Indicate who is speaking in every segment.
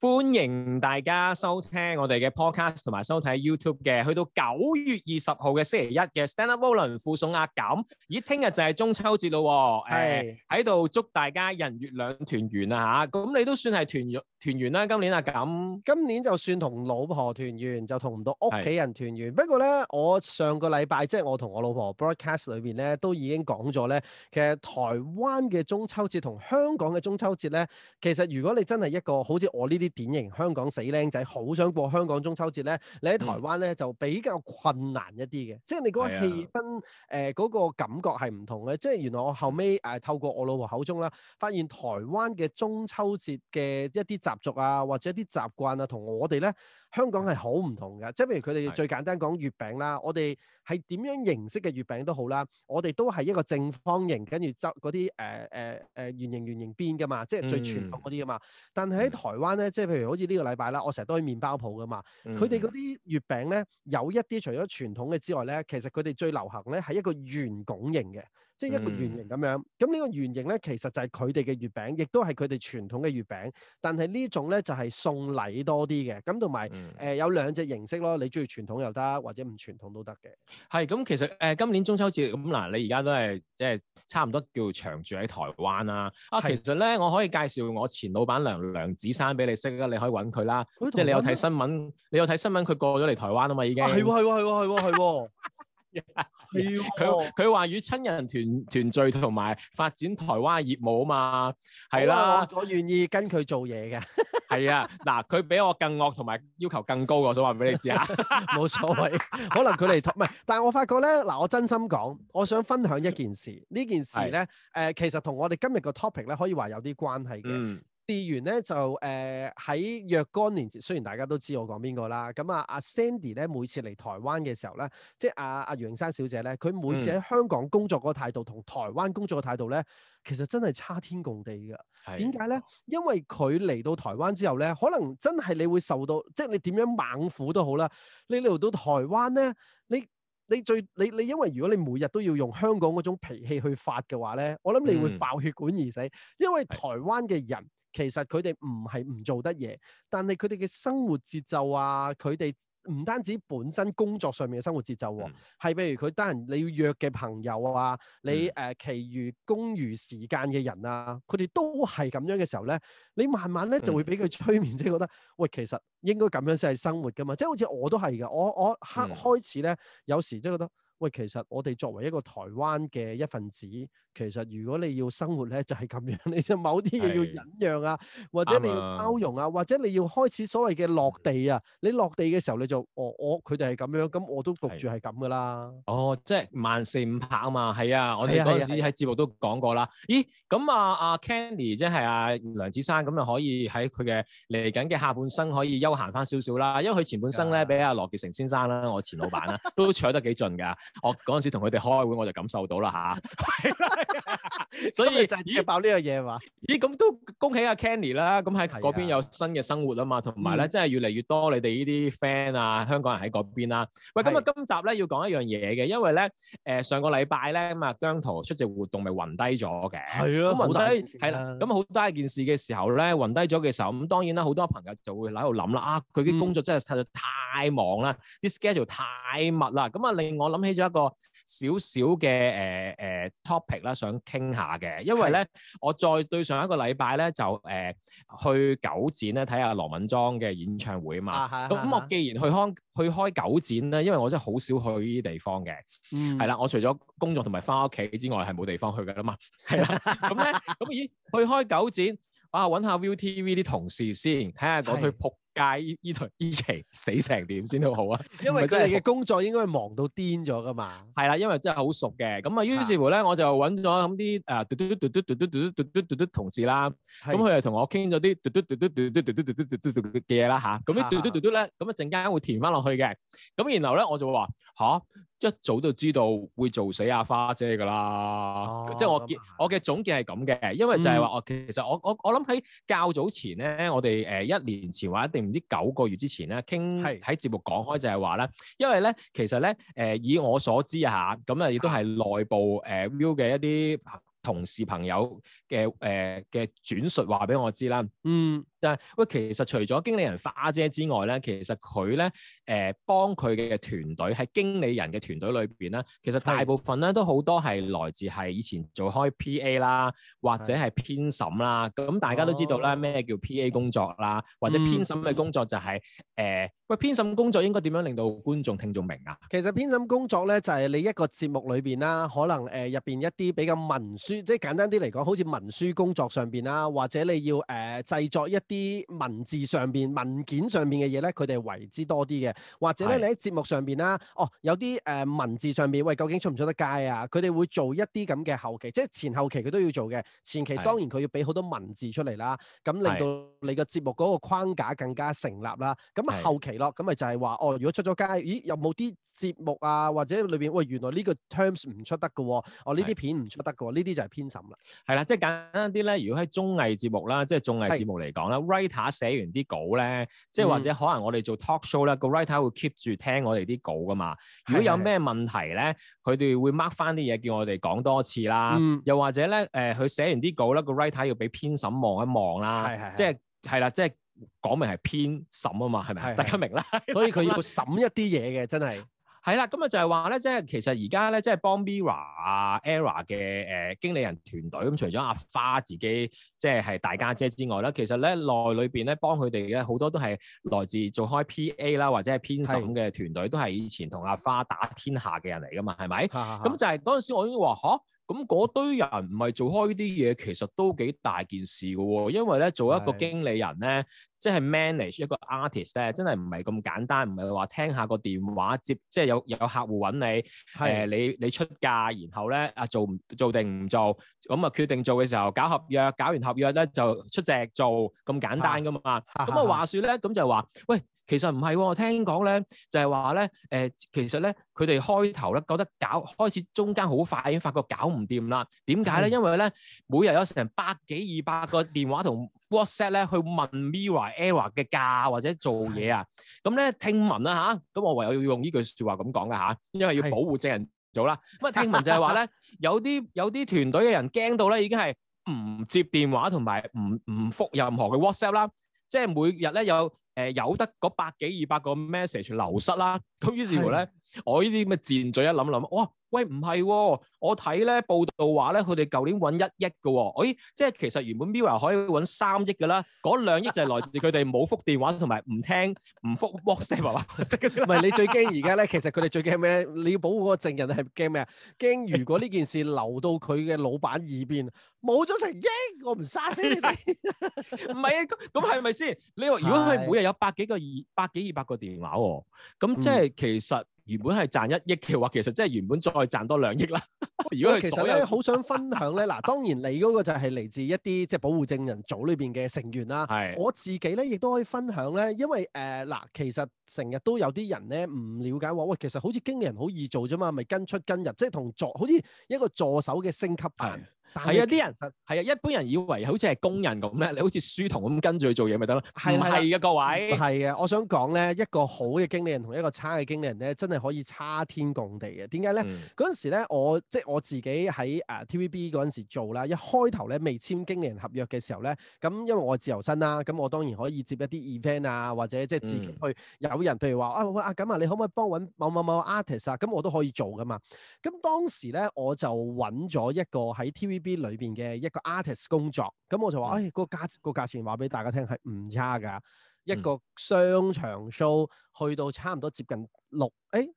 Speaker 1: 歡迎大家收聽我哋嘅 podcast 同埋收睇 YouTube 嘅，去到九月二十號嘅星期一嘅 Stand Up Volume 附送壓減，咦，聽日就係中秋節咯，誒，喺度祝大家人月兩團圓啊吓，咁你都算係團圓。團圓啦，啊！今年啊咁，今年就算同老婆團圓，就
Speaker 2: 同唔到屋企人團圓。的不過咧，我上個禮拜即係我同我老婆 broadcast 裏邊咧，都已經講咗咧，其實台灣嘅中秋節同香港嘅中秋節咧，其實如果你真係一個好似我呢啲典型香港死僆仔，好想過香港中秋節咧，你喺台灣咧、嗯、就比較困難一啲嘅，即係你嗰個氣氛誒嗰的、呃嗰個感覺係唔同嘅。即係原來我後尾誒、呃、透過我老婆口中啦，發現台灣嘅中秋節嘅一啲，習俗啊，或者啲習慣啊，同我哋咧香港係好唔同嘅。即係譬如佢哋最簡單講月餅啦，的我哋係點樣形式嘅月餅都好啦，我哋都係一個正方形，跟住周嗰啲誒誒誒圓形圓形邊噶嘛，即係最傳統嗰啲噶嘛。嗯、但係喺台灣咧，嗯、即係譬如好似呢個禮拜啦，我成日都去麵包鋪噶嘛，佢哋嗰啲月餅咧有一啲除咗傳統嘅之外咧，其實佢哋最流行咧係一個圓拱形嘅。即係一個圓形咁樣，咁呢、嗯嗯、個圓形咧，其實就係佢哋嘅月餅，亦都係佢哋傳統嘅月餅。但係呢種咧就係、是、送禮多啲嘅，咁同埋誒有兩隻形式咯。你中意傳統又得，或者唔傳統都得嘅。
Speaker 1: 係咁，其實誒、呃、今年中秋節咁嗱，你而家都係即係差唔多叫長住喺台灣啦、啊。是啊，其實咧，我可以介紹我前老闆娘梁子珊俾你識啦，你可以揾佢啦。即係你有睇新聞，你有睇新聞，佢過咗嚟台灣啊嘛，已經係喎係喎係喎係喎係喎。 佢佢話與親人團團聚同埋發展台灣嘅業務啊嘛，係、啊、啦，
Speaker 2: 我願意跟佢做嘢嘅，
Speaker 1: 係 啊，嗱，佢比我更惡同埋要求更高，我想話俾你知啊，冇 所謂，
Speaker 2: 可能佢嚟唔係，但係我發覺咧，嗱，我真心講，我想分享一件事，呢件事咧，誒是、呃，其實同我哋今日個 topic 咧，可以話有啲關係嘅。嗯事源咧就誒喺、呃、若干年前，雖然大家都知我講邊個啦，咁啊阿 Sandy 咧每次嚟台灣嘅時候咧，即係阿阿楊生小姐咧，佢每次喺香港工作嗰個態度同台灣工作嘅態度咧，其實真係差天共地嘅。點解咧？因為佢嚟到台灣之後咧，可能真係你會受到，即係你點樣猛虎都好啦，你嚟到台灣咧，你你最你你因為如果你每日都要用香港嗰種脾氣去發嘅話咧，我諗你會爆血管而死，的因為台灣嘅人。其實佢哋唔係唔做得嘢，但係佢哋嘅生活節奏啊，佢哋唔單止本身工作上面嘅生活節奏、啊，係譬、嗯、如佢單人你要約嘅朋友啊，你誒、呃、其餘工餘時間嘅人啊，佢哋、嗯、都係咁樣嘅時候咧，你慢慢咧就會俾佢催眠，嗯、即係覺得喂，其實應該咁樣先係生活噶嘛，即係好似我都係嘅，我我刻開始咧，有時即係覺得。喂，其實我哋作為一個台灣嘅一份子，其實如果你要生活咧，就係咁樣，你就某啲嘢要忍讓啊，的或者你要包容啊，的或者你要開始所謂嘅落地啊。你落地嘅時候，你就我我佢哋係咁樣，咁我都讀住係咁噶啦。
Speaker 1: 哦，哦即係萬四五拍啊嘛，係啊，我哋嗰陣時喺節目都講過啦。咦，咁啊啊 Candy，即係啊，梁子珊咁又可以喺佢嘅嚟緊嘅下半生可以休閒返少少啦。因為佢前半生咧，俾阿的羅傑成先生啦，我前老闆啦，都搶得幾盡㗎。我嗰陣時同佢哋開會，我就感受到啦嚇，所以 就已經爆呢樣嘢嘛。咦，咁都恭喜阿、啊、Kenny 啦，咁喺嗰邊有新嘅生活啊嘛，同埋咧，嗯、真係越嚟越多你哋呢啲 friend 啊，香港人喺嗰邊啦、啊。喂，咁啊，今集咧要講一樣嘢嘅，因為咧，誒、呃、上個禮拜咧咁啊，姜濤出席活動咪暈低咗嘅，係啊，暈低係啦，咁、嗯、好低一件事嘅時候咧，暈低咗嘅時候，咁當然啦，好多朋友就會喺度諗啦，啊，佢啲工作真係實在太忙啦，啲、嗯、schedule 太密啦，咁啊，令我諗起。一個少少嘅，誒誒 topic 啦，想傾下嘅，因為咧的我再對上一個禮拜咧就誒、呃、去九展咧睇下羅敏莊嘅演唱會啊嘛，咁咁、啊、我既然去康去開九展咧，因為我真係好少去呢啲地方嘅，係啦、嗯，我除咗工作同埋返屋企之外，係冇地方去噶啦嘛，係啦，咁咧咁咦去開九展？啊！揾下 ViuTV 啲同事先，睇下講佢仆街呢台 E 期死成點先都好啊！因為真係嘅
Speaker 2: 工作應該係忙到癲咗噶嘛。
Speaker 1: 係啦，因為真係好熟嘅，咁啊於是乎咧，我就揾咗咁啲誒嘟嘟嘟嘟嘟嘟嘟嘟嘟嘟同事啦。咁佢哋同我傾咗啲嘟嘟嘟嘟嘟嘟嘟嘟嘟嘟嘅嘢啦嚇。咁啲嘟嘟嘟嘟咧，咁啊陣間會填翻落去嘅。咁然後咧我就會話吓？」 一早就知道會做死阿花姐㗎喇，哦、即係我結、嗯、我嘅總結係咁嘅，因為就係話我其實我我我諗喺較早前咧，我哋誒、呃、一年前或者定唔知九個月之前咧，傾喺是節目講開就係話咧，因為咧其實咧誒、呃、以我所知嚇，咁啊亦都係內部誒的、呃、view 嘅一啲同事朋友嘅誒嘅轉述話俾我知啦，嗯。但係喂，其實除咗經理人花姐之外咧，其實佢咧誒幫佢嘅團隊喺經理人嘅團隊裏邊啦。其實大部分咧是都好多係來自係以前做開 PA 啦，或者係編審啦。咁是大家都知道咧，咩、哦、叫 PA 工作啦，或者編審嘅工作就係誒喂編審工作應該點樣令到觀眾聽眾明啊？
Speaker 2: 其實編審工作咧就係、是、你一個節目裏邊啦，可能誒入邊一啲比較文書，即係簡單啲嚟講，好似文書工作上邊啦，或者你要誒、呃、製作一啲文字上邊、文件上面嘅嘢咧，佢哋為之多啲嘅，或者咧你喺節目上邊啦，的哦有啲誒、呃、文字上面喂，究竟出唔出得街啊？佢哋會做一啲咁嘅後期，即係前後期佢都要做嘅。前期當然佢要俾好多文字出嚟啦，咁的令到你個節目嗰個框架更加成立啦。咁的後期咯，咁咪就係話哦，如果出咗街，咦有冇啲節目啊，或者裏邊喂原來呢個 terms 唔出得嘅，哦呢啲片唔出得嘅，呢啲的就係編審啦。
Speaker 1: 係啦，即係簡單啲咧，如果喺綜藝節目啦，即係綜藝節目嚟講啦。個 writer 寫完啲稿咧，即係或者可能我哋做 talk show 咧、嗯，個 writer 會 keep 住聽我哋啲稿噶嘛。如果有咩問題咧，佢哋是會 mark 翻啲嘢叫我哋講多次啦。嗯、又或者咧，誒、呃、佢寫完啲稿咧，個 writer 要俾編審望一望啦。係係，即係係啦，即係講明係編審啊嘛，係咪？是是是，大家明啦。所以佢要審一啲嘢嘅，真係。係啦，咁啊就係話咧，即係其實而家咧，即係幫 Mirror 啊、Error 嘅誒經理人團隊，咁除咗阿花自己，即係係大家姐之外啦，其實咧，內裏邊咧，幫佢哋咧，好多都係來自做開 PA 啦，或者係編審嘅團隊，的都係以前同阿花打天下嘅人嚟噶嘛，係咪？咁的就係嗰陣時我已經話嚇。咁嗰堆人唔係做開呢啲嘢，其實都幾大件事㗎喎，因為咧做一個經理人咧，即係 manage 一個 artist 咧，真係唔係咁簡單，唔係話聽下個電話接，即係有有客戶揾你，誒你你出價，然後咧啊做做定唔做，咁啊決定做嘅時候搞合約，搞完合約咧就出席做，咁簡單噶嘛。咁啊話說咧，咁就話喂。其實唔係喎，我聽講咧就係話咧，誒、呃、其實咧佢哋開頭咧覺得搞開始中間好快已經發覺搞唔掂啦。點解咧？嗯、因為咧每日有成百幾二百個電話同 WhatsApp 咧去問 Mirror、Error 嘅價或者做嘢、嗯嗯嗯、啊。咁咧聽聞啦吓，咁我唯有要用呢句説話咁講噶嚇，因為要保護證人組啦。咁啊的聽聞就係話咧，有啲有啲團隊嘅人驚到咧已經係唔接電話同埋唔唔覆任何嘅 WhatsApp 啦，即係每日咧有。有誒有得嗰百幾二百個 message 流失啦，咁於是乎咧。我呢啲咁嘅賤嘴一諗諗，哇、哦！喂，唔係、哦，我睇咧報道話咧、哦，佢哋舊年揾一億嘅，誒，即係其實原本 Mirror 可以揾三億嘅啦，嗰兩億就係來自佢哋冇覆電話同埋唔聽唔覆 WhatsApp 啊，唔係 你最驚而
Speaker 2: 家咧，其實佢哋最驚咩？你要保護嗰個證人係驚咩啊？驚如果呢件事
Speaker 1: 流到佢嘅老闆耳邊，
Speaker 2: 冇咗成億，我唔殺死你哋。
Speaker 1: 唔係、 啊，咁咁係咪先？你話如果佢每日有百幾個二百幾二百個電話喎、哦，咁即係其實。 原本係賺一億嘅話，其實即係原本再賺多兩億啦。 如果其實咧，
Speaker 2: 好 想分享咧，嗱，當然你嗰個就係嚟自一啲即係保護證人組裏邊嘅成員啦。係的，我自己咧亦都可以分享咧，因為誒嗱、呃，其實成日都有啲人咧唔了解話喂，其實好似經理人好易做啫嘛，咪跟出跟入，即係同助，好似一個助
Speaker 1: 手嘅升級版。係啊，啲人實啊，一般人以為好似係工人咁咧，你好似書童咁跟住去做嘢咪得咯？唔係啊，各位，唔係。
Speaker 2: 我想講咧，一個好嘅經理人同一個差嘅經理人咧，真係可以差天共地嘅。點解咧？嗰陣、嗯、時咧，我即係我自己喺誒、uh, TVB 嗰陣時做啦。一開頭咧未簽經理人合約嘅時候咧，咁因為我自由身啦、啊，咁我當然可以接一啲 event 啊，或者即係自己去、嗯、有人，譬如話啊喂啊咁啊，啊，啊，你可唔可以幫我揾某某某 artist 啊？咁我都可以做噶嘛。咁當時咧我就揾咗一個喺 TVB B 裏邊嘅一個 artist 工作，咁我就話，嗯、哎，個價、個價錢話俾大家聽係唔差噶，一個商場 show 去到差唔多接近六，誒、哎、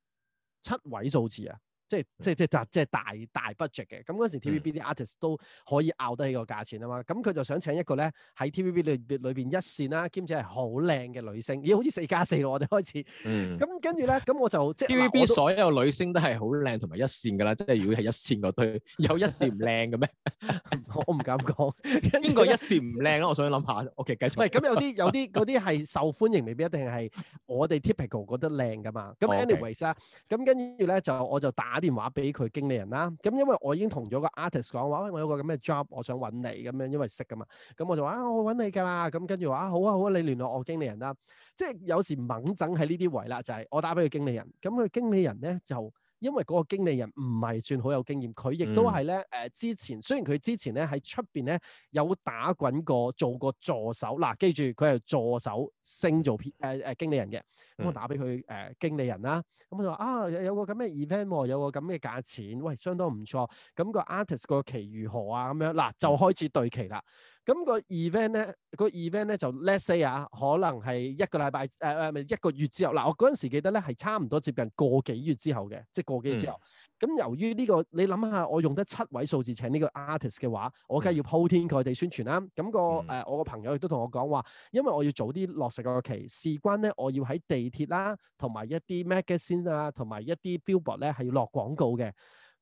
Speaker 2: 七位數字啊。即係即係即係大即係大大 budget 嘅，咁嗰時 TVB 啲 artist 都可以拗得起個價錢啊嘛，咁佢就想請一個咧喺 TVB 裏邊裏邊一線啦、啊，兼且係好靚嘅女星，咦好似四加四咯，我哋開，開始，咁、嗯、跟住咧，咁我就即係 TVB 所
Speaker 1: 有女星都係好靚同埋一線㗎啦，即係如果係一線嗰堆有一線唔靚嘅咩？ 我唔敢講邊個一線唔靚啊。我想諗下
Speaker 2: ，OK 繼續。唔咁有啲 有啲嗰啲係受歡迎，未必一定係我哋 typical 覺得靚㗎嘛。咁 anyways 啦 Okay.、啊，咁跟住咧就我就打。打電話俾佢經理人啦，咁因為我已經同咗個 artist 講話，喂、哎，我有個咁嘅 job，我想揾你咁樣，因為識噶嘛，咁我就話啊，我揾你噶啦，咁跟住話啊，好啊好啊，你聯絡我經理人啦，即係有時猛整喺呢啲位啦，就係我打俾佢經理人，咁佢、就是、經理人咧就因為嗰個經理人唔係算好有經驗，佢亦都係咧誒，之前雖然佢之前咧喺出邊咧有打滾過，做過助手，嗱、呃，記住佢係助手升做 P 誒誒經理人嘅。咁我打俾佢誒經理人啦，咁佢就話啊有個咁嘅 event，有個咁嘅價錢，喂，相當唔錯。咁個 artist 個期如何啊？咁樣嗱就開始對期啦。咁個 event 咧，個 event 咧就 let's say 啊，可能係一個禮拜誒誒，咪、呃、一個月之後嗱，我嗰陣時記得咧係差唔多接近個幾月之後嘅，即係個幾月之後。嗯咁由於呢個，你諗下，我用得七位數字請呢個 artist 嘅話，我梗係要鋪天蓋地宣傳啦。咁個誒，我個朋友亦都同我講話，因為我要早啲落實個期，事關咧，我要喺地鐵啦，同埋一啲 magazine 啊，同埋一啲 billboard 咧，係要落廣告嘅。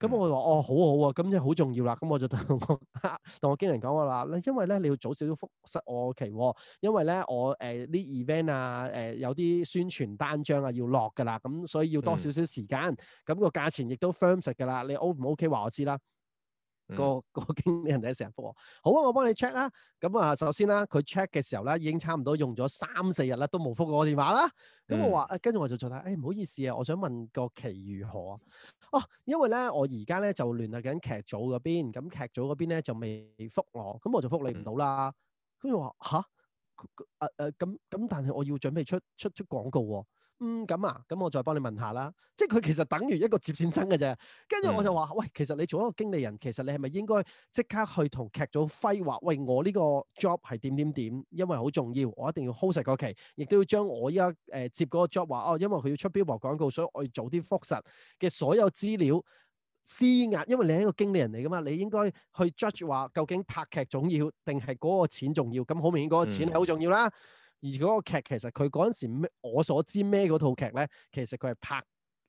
Speaker 2: 咁、嗯嗯、我話哦，好好啊，咁即係好重要啦、啊。咁我就同我同我經理人講我啦，咧因為咧你要早少少覆失我期喎、啊，因為咧我誒呢 event 啊誒、呃、有啲宣傳單張啊要落㗎啦，咁所以要多少少時間。咁、嗯、個價錢亦都 firm 實㗎啦，你 O 唔 O K 話我知啦。個、嗯、個經理人仔成日復我，好啊，我幫你 check 啦。咁、嗯、啊，首先啦，佢 check 嘅時候咧，已經差唔多用咗三四日啦，都冇復過我電話啦。咁、嗯、我話、啊，跟住我就再睇，誒、欸、唔好意思啊，我想問個期如何啊？哦，因為咧，我而家咧就聯絡緊劇組嗰邊，咁、嗯、劇組嗰邊咧就未復我，咁、嗯、我就復你唔到啦。跟住、嗯、我話嚇，誒咁咁，但係我要準備出出出，出，出廣告喎、啊。嗯，咁啊，咁我再幫你問下啦。即係佢其實等於一個接線生嘅啫。跟住我就話：嗯、喂，其實你做一個經理人，其實你係咪應該即刻去同劇組 fight，話：喂，我呢個 job 係點點點，因為好重要，我一定要 hold 晒個期，亦都要將我依家誒接嗰個 job 話哦，因為佢要出 billboard 廣告，所以我要早啲複實嘅所有資料私壓。因為你係一個經理人嚟噶嘛，你應該去 judge 話究竟拍劇重要定係嗰個錢重要？咁好明顯，嗰個錢係好重要啦。嗯而嗰個劇其實佢嗰陣時咩，我所知咩嗰套劇咧，其實佢係拍誒、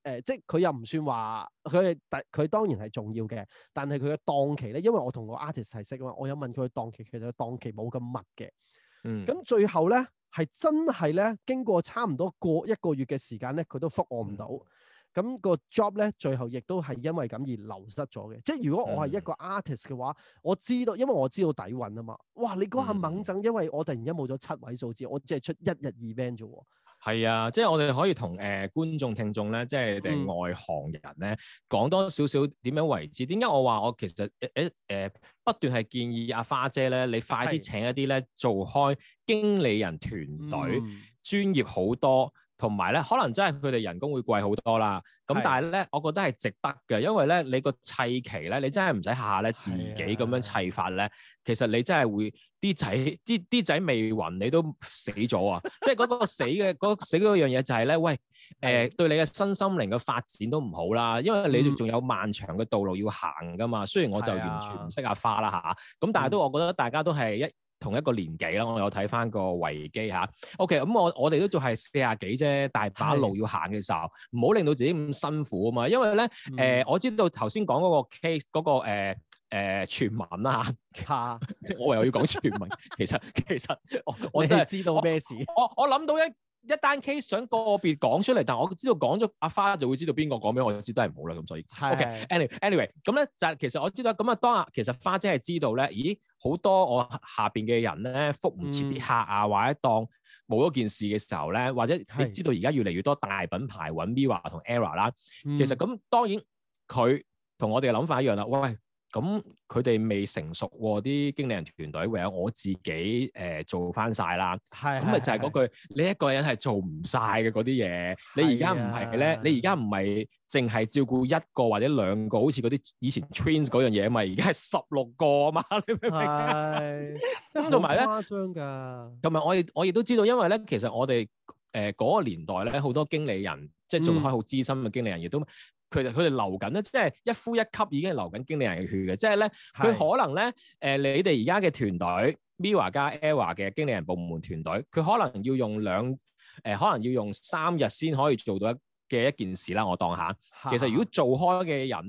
Speaker 2: 呃，即係佢又唔算話，佢係第佢當然係重要嘅，但係佢嘅檔期咧，因為我同個 artist 係識嘅嘛，我有問佢嘅檔期，其實佢檔期冇咁密嘅。嗯，咁最後咧係真係咧，經過差唔多過一個月嘅時間咧，佢都覆我唔到。嗯。咁個 job 咧，最後亦都係因為咁而流失咗嘅。即係如果我係一個 artist 嘅話，嗯、我知道，因為我知道底蘊啊嘛。哇！你嗰下猛增，嗯、因為我突然間冇咗七位數字，我只係出一日 event 啫喎。
Speaker 1: 係啊，即係我哋可以同誒、呃、觀眾、聽眾咧，即係你哋外行人咧，講、嗯、多少少點,點樣為之？點解我話我其實誒誒誒不斷係建議阿花姐咧，你快啲請一啲咧是做開經理人團隊，嗯、專業好多。同埋咧，可能真係佢哋人工會貴好多啦。咁的但係咧，我覺得係值得嘅，因為咧，你個砌棋咧，你真係唔使下下咧自己咁樣砌法咧。的其實你真係會啲仔啲啲仔未暈，你都死咗啊！ 即係嗰個死嘅嗰、那個、死嗰樣嘢就係、是、咧，喂，誒，呃、的對你嘅身心靈嘅發展都唔好啦，因為你仲有漫長嘅道路要行噶嘛。雖然我就完全唔識阿花啦嚇，咁的、啊、但係都我覺得大家都係一。同一個年紀啦，我有睇翻個維基吓 OK，咁、嗯、我我哋都仲係四廿幾啫，但係大把路要行嘅時候，唔好令到自己咁辛苦啊嘛。因為咧，誒、嗯呃、我知道頭先講嗰個 case 嗰、那個誒誒、呃呃、傳聞啦嚇、啊，即係我又要講傳聞 其。其實其實我我真係知道咩事？我我諗到一。一單 case 想個別講出嚟，但我知道講咗阿花就會知道邊個講畀我，我知都係冇啦，咁所以。的 o、okay, k anyway，咁、anyway, 咧就係其實我知道咁啊，當啊，其實花姐係知道咧，咦好多我下邊嘅人咧覆唔切啲客啊，嗯、或者當冇咗件事嘅時候咧，或者你知道而家越嚟越多大品牌揾 MIRROR 同 ERROR 啦，的其實咁當然佢同我哋嘅諗法一樣啦，喂。咁佢哋未成熟喎、啊，啲經理人團隊唯有我自己誒、呃、做翻晒啦。
Speaker 2: 係，咁咪就係嗰句，
Speaker 1: 是的 你一個人係做唔晒嘅嗰啲嘢。是的 你而家唔係咧，是的 你而家唔係淨係照顧一個或者兩個，好似嗰啲以前 Twins 嗰樣嘢啊嘛。而家係十六個啊嘛，你明唔明？
Speaker 2: 係的，咁同埋咧，誇張㗎。
Speaker 1: 同埋我亦我亦都知道，因為咧，其實我哋誒嗰個年代咧，好多經理人即係做開好資深嘅經理人，亦都。佢哋佢哋流緊咧，即、就、係、是、一呼一吸已經係流緊經理人嘅血嘅，即係咧佢可能咧誒、呃，你哋而家嘅團隊 Mirror 加 Error 嘅經理人部門團隊，佢可能要用兩誒、呃，可能要用三日先可以做到一嘅一件事啦。我當下，啊、其實如果做開嘅人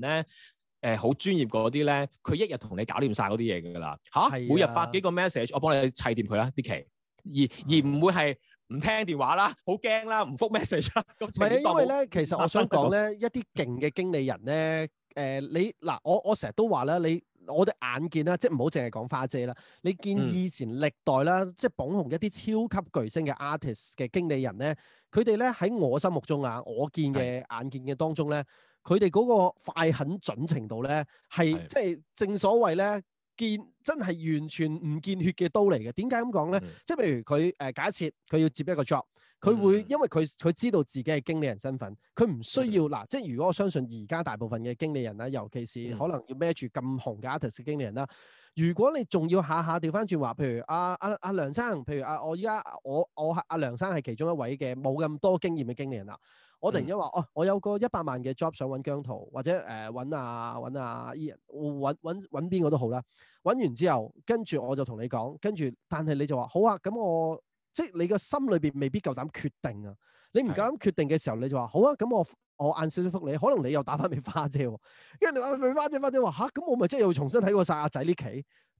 Speaker 1: 咧誒，好、呃、專業嗰啲咧，佢一日同你搞掂晒嗰啲嘢㗎啦嚇。啊啊、每日百幾個 message，我幫你砌掂佢啊，啲期而而唔會係。唔聽電話啦，好驚啦，唔覆 message。唔 係因為咧，其實我想講咧，
Speaker 2: 一啲勁嘅經理人咧，誒、呃、你嗱，我我成日都話咧，你我哋眼見啦，即係唔好淨係講花姐啦，你見以前歷代啦，嗯、即係捧紅一啲超級巨星嘅 artist 嘅經理人咧，佢哋咧喺我心目中啊，我見嘅眼見嘅當中咧，佢哋嗰個快狠準程度咧，係即係正所謂咧。見真係完全唔見血嘅刀嚟嘅，點解咁講咧？嗯、即係譬如佢誒、呃，假設佢要接一個 job，佢會因為佢佢知道自己係經理人身份，佢唔需要嗱、嗯，即係如果我相信而家大部分嘅經理人啦，尤其是可能要孭住咁紅嘅 artist 經理人啦，嗯、如果你仲要下下掉返轉話，譬如阿阿阿梁生，譬如阿、啊、我依家我我阿、啊、梁生係其中一位嘅，冇咁多經驗嘅經理人啦。我突然間話哦，我有個一百萬嘅 job 想揾姜濤，或者誒揾、呃、啊揾啊 Ian，揾揾揾邊個都好啦。揾完之後，跟住我就同你講，跟住但係你就話好啊，咁我即係你個心裏面未必夠膽決定啊。你唔敢決定嘅時候，你就話：的好啊，咁我我晏少少覆你，可能你又打翻俾花姐喎、哦。跟你打翻俾花姐，花姐話：吓、啊，咁我咪即係又重新睇過晒阿仔呢期。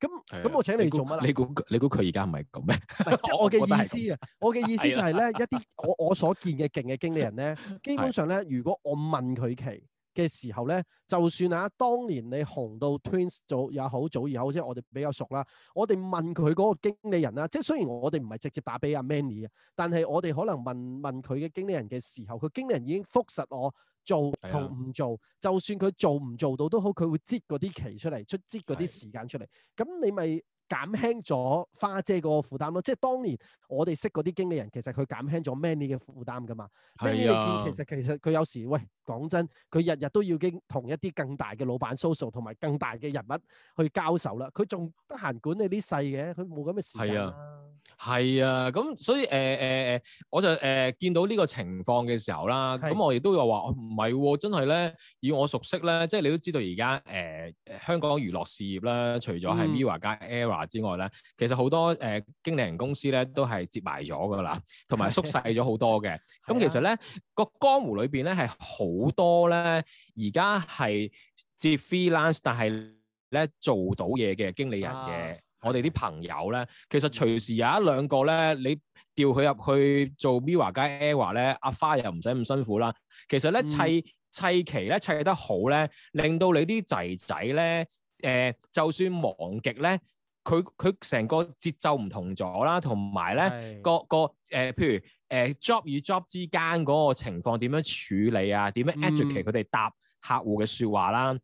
Speaker 2: 咁
Speaker 1: 咁的我請你做乜啊？你估你估佢而家唔係咁咩？
Speaker 2: 即係是 我嘅意思啊！我嘅意思就係、是、咧， 的一啲我我所見嘅勁嘅經理人咧，基本上咧， 的如果我問佢期嘅時候咧，就算啊，當年你紅到 Twins 早也好，早又好即係我哋比較熟啦。我哋問佢嗰個經理人啦，即係雖然我哋唔係直接打俾阿 Manny 嘅，但係我哋可能問問佢嘅經理人嘅時候，佢經理人已經覆實我做同唔做。的就算佢做唔做到都好，佢會擠嗰啲期出嚟，出擠嗰啲時間出嚟。咁的你咪。減輕咗花姐個負擔咯，即係當年我哋識嗰啲經理人，其實佢減輕咗 manager 嘅負擔噶嘛。啊、manager 你見其實其實佢有時喂，講真，佢日日都要經同一啲更大嘅老闆 social 同埋更大嘅人物去交手啦，佢仲得閒管你啲細嘅，佢冇咁嘅時間。啊。
Speaker 1: 係啊，咁所以誒誒誒，我就誒、呃、見到呢個情況嘅時候啦，咁是我亦都有話唔係喎，真係咧，以我熟悉咧，即係你都知道而家誒香港娛樂事業啦，除咗係 Viva 加 ERA 之外咧，嗯、其實好多誒、呃、經理人公司咧都係接埋咗㗎啦，同埋縮細咗好多嘅。咁、 啊、其實咧、那個江湖裏邊咧係好多咧，而家係接 freelance 但係咧做到嘢嘅經理人嘅。啊我哋啲朋友咧，其實隨時有一兩個咧，你調佢入去做 MIRROR 加 ERROR 咧，阿花又唔使咁辛苦啦。其實咧、嗯，砌砌期咧砌得好咧，令到你啲仔仔咧，誒、呃，就算忙極咧，佢佢成個節奏唔同咗啦，同埋咧個個誒、呃，譬如誒、呃、job 與 job 之間嗰個情況點樣處理啊，點樣 educate 佢哋、嗯、答客戶嘅説話啦。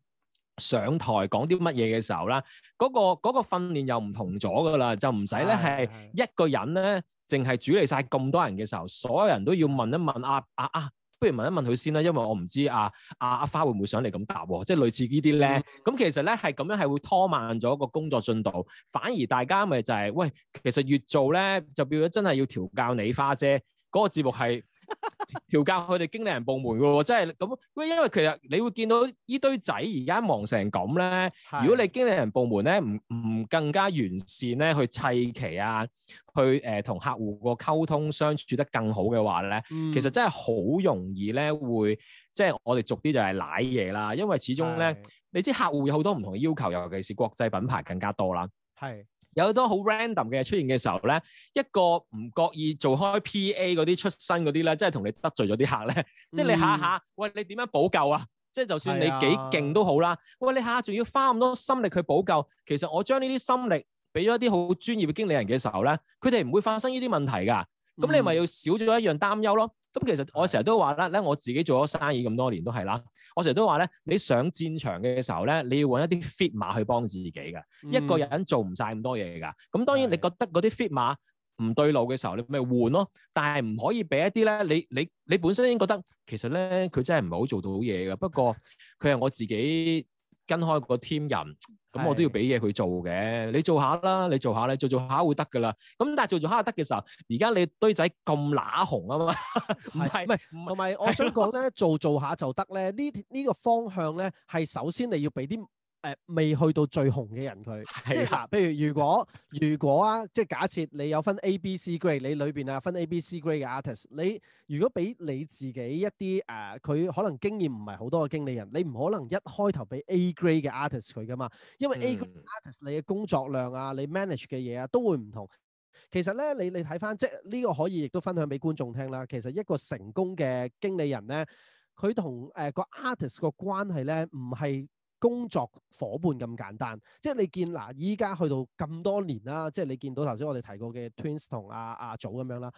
Speaker 1: 上台講啲乜嘢嘅時候啦，嗰、那個嗰、那個訓練又唔同咗噶啦，就唔使咧係一個人咧，淨係主理晒咁多人嘅時候，所有人都要問一問啊啊啊，不如問一問佢先啦，因為我唔知啊啊阿、啊、花會唔會上嚟咁答、啊，即係類似呢啲咧，咁、嗯、其實咧係咁樣係會拖慢咗個工作進度，反而大家咪就係、是、喂，其實越做咧就變咗真係要調教你花姐嗰、那個節目係。調 教佢哋經理人部門噶，即係咁喂，因為其實你會見到呢堆仔而家忙成咁咧。是如果你經理人部門咧唔唔更加完善咧，去砌期啊，去誒同、呃、客戶個溝通相處得更好嘅話咧，嗯、其實真係好容易咧會，即係我哋逐啲就係舐嘢啦。因為始終咧，是你知客戶有好多唔同嘅要求，尤其是國際品牌更加多啦。係。有好多好 random 嘅出現嘅時候咧，一個唔覺意做開 PA 嗰啲出身嗰啲咧，即係同你得罪咗啲客咧，嗯、即係你下下喂你點樣補救啊？即係就算你幾勁都好啦，啊、喂你下下仲要花咁多心力去補救，其實我將呢啲心力俾咗一啲好專業嘅經理人嘅時候咧，佢哋唔會發生呢啲問題㗎，咁、嗯、你咪要少咗一樣擔憂咯。咁其實我成日都話啦，咧我自己做咗生意咁多年都係啦。我成日都話咧，你上戰場嘅時候咧，你要搵一啲 fit 馬去幫自己嘅。嗯、一個人做唔晒咁多嘢㗎。咁當然你覺得嗰啲 fit 馬唔對路嘅時候，你咪換咯。但係唔可以俾一啲咧，你你你本身已經覺得其實咧佢真係唔係好做到嘢嘅。不過佢係我自己。跟開個 team 人，咁我都要俾嘢佢做嘅。你做下啦，你做下咧，做做下會得噶啦。咁但係做做下得嘅時候，而家你堆仔咁乸紅啊嘛，係唔係？
Speaker 2: 同埋我想講咧，的做做下就得咧。呢呢個方向咧，係首先你要俾啲。誒、呃、未去到最紅嘅人佢的，即係嗱，譬如如果如果啊，即係假設你有分 A、B、C grade，你裏邊啊分 A、B、C grade 嘅 artist，你如果俾你自己一啲誒，佢、呃、可能經驗唔係好多嘅經理人，你唔可能一開頭俾 A grade 嘅 artist 佢㗎嘛，因為 A grade artist、嗯、你嘅工作量啊，你 manage 嘅嘢啊都會唔同。其實咧，你你睇翻即係呢個可以亦都分享俾觀眾聽啦。其實一個成功嘅經理人咧，佢同誒個 artist 個關係咧唔係，工作伙伴咁簡單，即係你見嗱，依家去到咁多年啦，即係你見到頭先我哋提過嘅 Twins 同阿、啊、阿、啊、祖咁樣啦，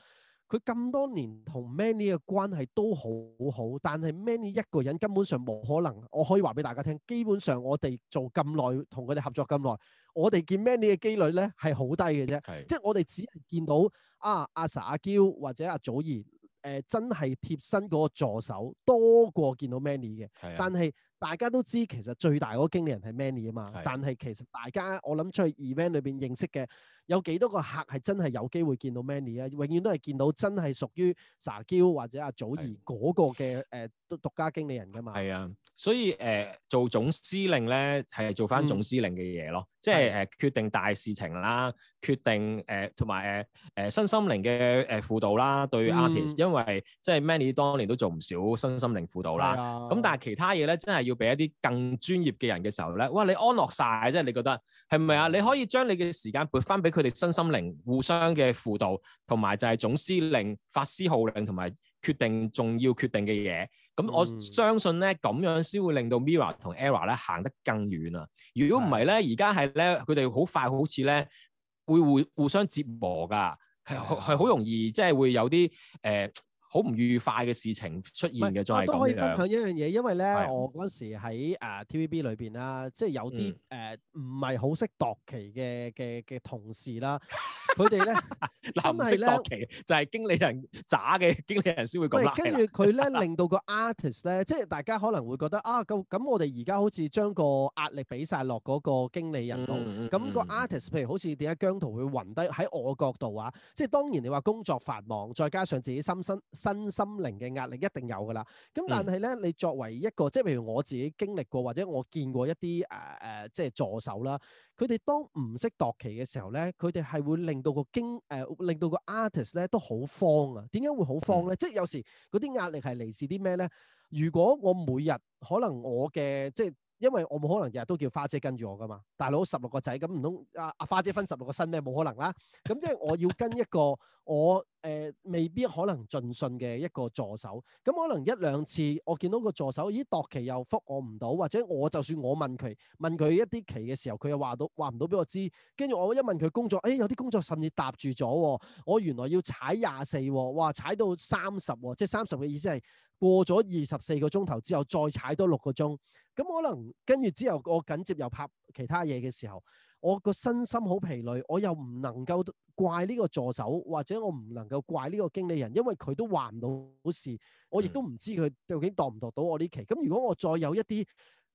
Speaker 2: 佢咁多年同 Manny 嘅關係都好好，但係 Manny 一個人根本上冇可能。我可以話俾大家聽，基本上我哋做咁耐，同佢哋合作咁耐，我哋見 Manny 嘅機率咧係好低嘅啫。是的 即係我哋只係見到啊阿 Sa、啊、阿嬌或者阿、啊、祖兒誒、呃、真係貼身嗰個助手多過見到 Manny 嘅，是的 但係。大家都知其實最大嗰經理人係 Manny 啊嘛，但係其實大家我諗喺 event 裏邊認識嘅。有幾多個客係真係有機會見到 Manny 啊？永遠都係見到真係屬於撒嬌或者阿祖兒嗰是的 個嘅誒、呃、獨家經理人㗎
Speaker 1: 嘛？係啊，所以誒、呃、做總司令咧係做翻總司令嘅嘢咯，即係誒是的、呃、決定大事情啦，決定誒同埋誒誒身心靈嘅誒輔導啦，對 artist，、嗯、因為即係 Manny 當年都做唔少身心靈輔導啦。咁是的 但係其他嘢咧，真係要俾一啲更專業嘅人嘅時候咧，哇！你安樂晒，即係你覺得係咪啊？你可以將你嘅時間撥翻俾。佢哋身心靈互相嘅輔導，同埋就係總司令發施號令同埋決定重要決定嘅嘢。咁我相信咧，咁、嗯、樣先會令到 Mira 同 Ella 咧行得更遠啊！如果唔係咧，而家係咧，佢哋好快好似咧會互互相折磨㗎，係係好容易即係、就是、會有啲誒。呃好唔愉快嘅事情出現嘅，再是、啊、都可以分享一
Speaker 2: 樣嘢，因為咧，的我嗰陣時喺誒 TVB 裏邊啦，即係有啲誒唔係好識度期嘅嘅嘅同事啦，佢哋咧，唔識 度期就
Speaker 1: 係、是、經理人渣嘅經理人先會講。係，跟住佢咧令
Speaker 2: 到個 artist 咧，即係大家可能會覺得啊，咁咁我哋而家好似將個壓力俾晒落嗰個經理人度，咁、嗯嗯、個 artist 譬如好似點解姜濤會暈低？喺我角度啊，即係當然你話工作繁忙，再加上自己心身。身心靈嘅壓力一定有㗎啦，咁但係咧，嗯、你作為一個，即係譬如我自己經歷過或者我見過一啲誒誒，即係助手啦，佢哋當唔識度期嘅時候咧，佢哋係會令到個經誒、呃，令到個 artist 咧都好慌啊！點解會好慌咧？嗯、即係有時嗰啲壓力係嚟自啲咩咧？如果我每日可能我嘅即係。因為我冇可能日日都叫花姐跟住我噶嘛，大佬十六個仔，咁唔通阿阿花姐分十六個身咩？冇可能啦。咁即係我要跟一個我誒、呃、未必可能盡信嘅一個助手。咁可能一兩次我見到個助手，咦，度期又覆我唔到，或者我就算我問佢問佢一啲期嘅時候，佢又話到話唔到俾我知。跟住我一問佢工作，誒、哎、有啲工作甚至搭住咗喎，我原來要踩廿四，哇，踩到三十，即係三十嘅意思係。過咗二十四個鐘頭之後，再踩多六個鐘，咁、嗯、可能跟住之後，我緊接又拍其他嘢嘅時候，我個身心好疲累，我又唔能夠怪呢個助手，或者我唔能夠怪呢個經理人，因為佢都話唔到好事，我亦都唔知佢究竟度唔度到讀讀我呢期。咁、嗯、如果我再有一啲誒、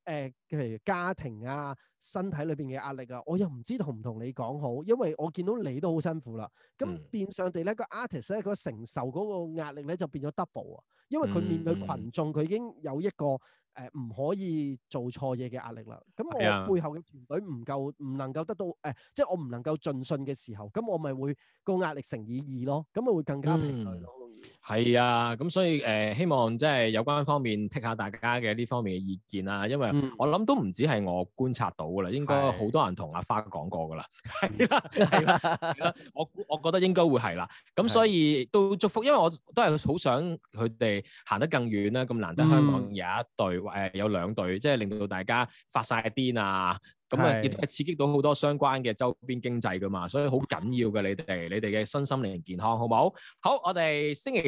Speaker 2: 呃，譬如家庭啊、身體裏邊嘅壓力啊，我又唔知同唔同你講好，因為我見到你都好辛苦啦。咁、嗯嗯、變相地咧，那個 artist 咧，佢承受嗰個壓力咧，就變咗 double 啊。因為佢面對群眾，佢、嗯、已經有一個誒、呃、唔可以做錯嘢嘅壓力啦。咁我背後嘅團隊唔夠，唔能夠得到誒、呃，即係我唔能夠盡信嘅時候，咁我咪會個壓力乘以二咯，咁咪會更加疲累咯。嗯
Speaker 1: 係啊，咁所以誒、呃，希望，、呃、希望即係有關方面剔下大家嘅呢方面嘅意見啊。因為、嗯、我諗都唔止係我觀察到噶啦，是應該好多人同阿花講過噶啦。係啦、 啊，係啦、啊 啊，我我覺得應該會係啦。咁所以都是祝福，因為我都係好想佢哋行得更遠啦。咁難得香港有一隊誒、嗯呃，有兩隊，即係令到大家發晒癲啊！咁啊是，亦刺激到好多相關嘅周邊經濟噶嘛，所以好緊要嘅你哋，你哋嘅身心靈健康好唔好，好，好？好，我哋星期。